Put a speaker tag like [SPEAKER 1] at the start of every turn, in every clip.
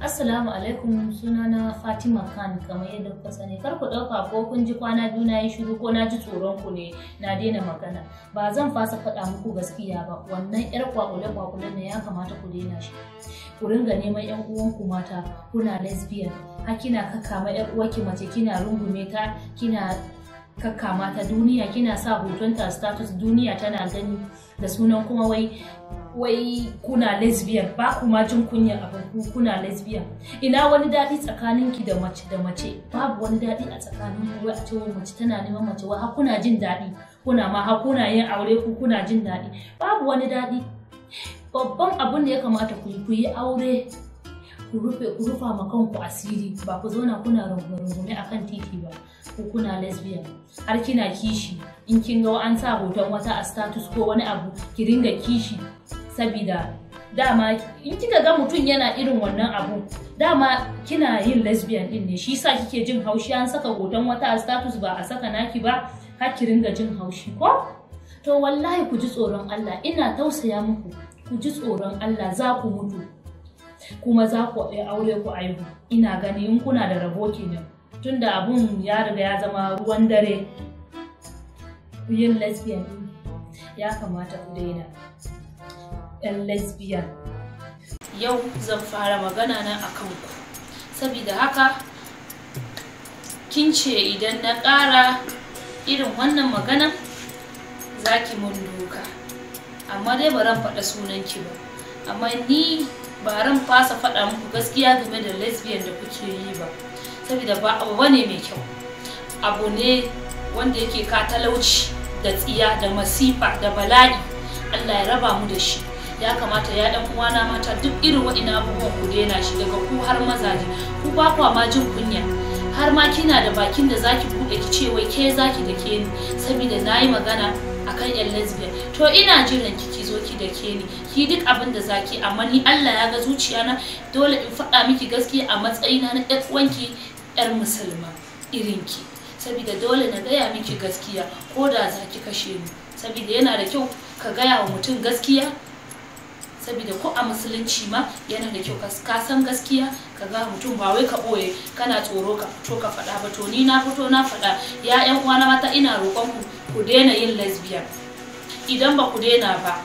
[SPEAKER 1] Assalamu alaikum sunana Fatima Khan kamar yadda kuka sani kar ku ɗauka ko kun ji kwana biyu na yi shiru ko na ji tsoron ku ne na daina magana ba zan fasa faɗa muku gaskiya ba wannan yar kwakule kwakule ne ya kamata ku daina shi ku ringa neman yan uwanku mata kuna lesbian har kina kakkama yar uwarki mace kina rungume ta kina kakkama ta duniya kina sa hoton ta status duniya tana gani da sunan kuma wai wai kuna lesbian ba kuma jin kunya farko kuna lesbian ina wani daɗi tsakanin ki da mace da mace babu wani daɗi a tsakanin ku wai a ce mace tana neman mace wa har kuna jin daɗi kuna ma har kuna yin aure ku kuna jin daɗi babu wani daɗi babban abin da ya kamata ku ku yi aure ku rufe ku rufa ma kanku asiri ba ku zauna kuna rungume a kan titi ba ko kuna lesbian har kina kishi in kin ga an sa hoton wata a status ko wani abu ki ringa kishi sabida dama in kika ga mutum yana irin wannan abu dama kina yin lesbian din ne shi sa kike jin haushi an saka hoton wata a status ba a saka naki ba har ki ringa jin haushi ko to wallahi ku ji tsoron Allah ina tausaya muku ku ji tsoron Allah za ku mutu kuma za ku aure ku aihu ina gani in kuna da rabo kenan tunda abun ya riga ya zama ruwan dare yin lesbian ya kamata ku daina 'yan lesbian yau zan fara magana na akan ku Sabida haka kin ce idan na ƙara irin wannan magana za ki mun doka amma dai ba ran faɗa sunanki ba amma ni ba ran fasa faɗa muku gaskiya game da lesbiyan da kuke yi ba saboda ba abu bane mai kyau abu ne wanda yake ka talauci da tsiya da masifa da bala'i Allah ya raba mu da shi ya kamata ya ɗan uwana mata duk irin waɗannan abubuwan ku daina shi daga ku har mazaje ku ba kwa ma jin kunya har ma kina da bakin da zaki buɗe ki ce wai ke zaki da ke ni saboda nayi magana akan yan lesbian to ina jiran ki ki zo ki da ke ni ki duk abin da zaki amma ni Allah ya ga zuciya na dole in faɗa miki gaskiya a matsayina na ɗan uwanki ƴar musulma irin ki. saboda dole na gaya miki gaskiya ko da zaki kashe ni saboda yana da kyau ka gaya wa mutum gaskiya saboda ko a musulunci ma yana da kyau ka san gaskiya ka ga mutum ba wai ka boye kana tsoro ka fito ka faɗa ba to ni na fito na faɗa ya ƴan uwana mata ina roƙon ku ku daina yin lesbian idan ba ku daina ba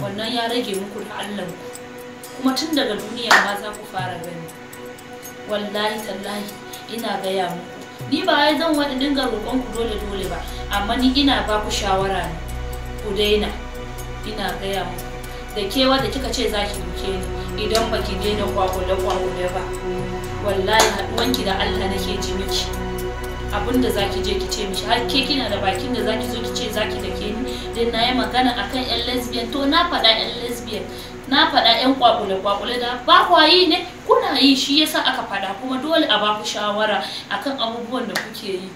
[SPEAKER 1] wannan ya rage muku da Allah ku kuma tun daga duniya ma za ku fara gani wallahi tallahi ina gaya muku ni ba wai zan wani dinga roƙon ku dole dole ba amma ni ina ba ku shawara ne ku daina ina gaya muku da kewa da kika ce za ki duke ni idan baki daina kwakwale-kwakwale ba wallahi haɗuwanki da Allah nake ji miki abin da ki je ki ce mishi har ke kina da bakin da za ki zo ki ce zaki ki dake ni dan na yi magana akan yan lesbian to na faɗa yan lesbian na faɗa yan kwakule kwakule da ba kwayi ne kuna yi shi yasa aka faɗa kuma dole a ba ku shawara akan abubuwan da kuke yi